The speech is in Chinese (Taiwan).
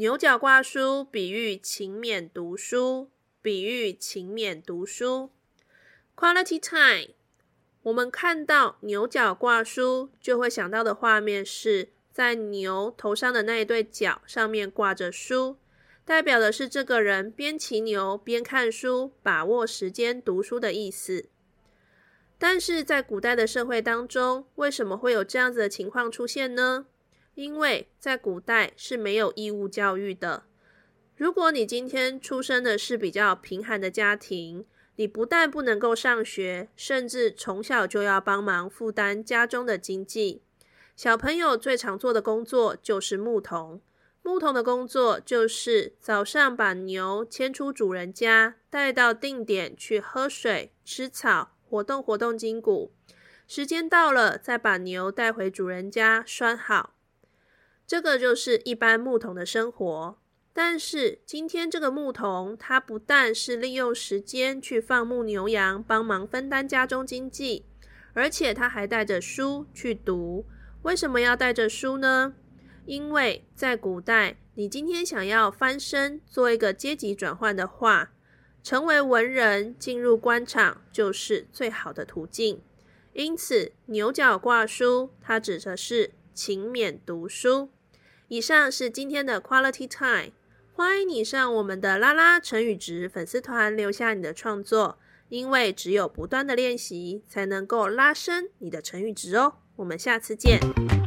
牛角掛書，比喻勤勉讀書。比喻勤勉讀書。Quality time。我們看到牛角掛書，就會想到的畫面是在牛頭上的那一對角上面掛着書，代表的是這個人邊騎牛邊看書，把握時間讀書的意思。但是在古代的社會當中，為什麼會有這樣子的情況出現呢？因為在古代是沒有義務教育的。如果你今天出生的是比較貧寒的家庭，你不但不能夠上學，甚至從小就要幫忙負擔家中的經濟。小朋友最常做的工作就是牧童。牧童的工作就是早上把牛牽出主人家，帶到定點去喝水、吃草、活動活動筋骨。時間到了，再把牛帶回主人家拴好。這個就是一般牧童的生活，但是今天這個牧童，他不但是利用時間去放牧牛羊，幫忙分擔家中經濟，而且他還帶着書去讀。為什麼要帶着書呢？因為在古代，你今天想要翻身，做一個階級轉換的話，成為文人，進入官場就是最好的途徑。因此，牛角掛書，它指的是勤勉讀書。以上是今天的 Quality Time，歡迎你上我們的拉拉成語值粉絲團留下你的創作，因為只有不斷的練習才能夠拉伸你的成語值哦。我們下次見。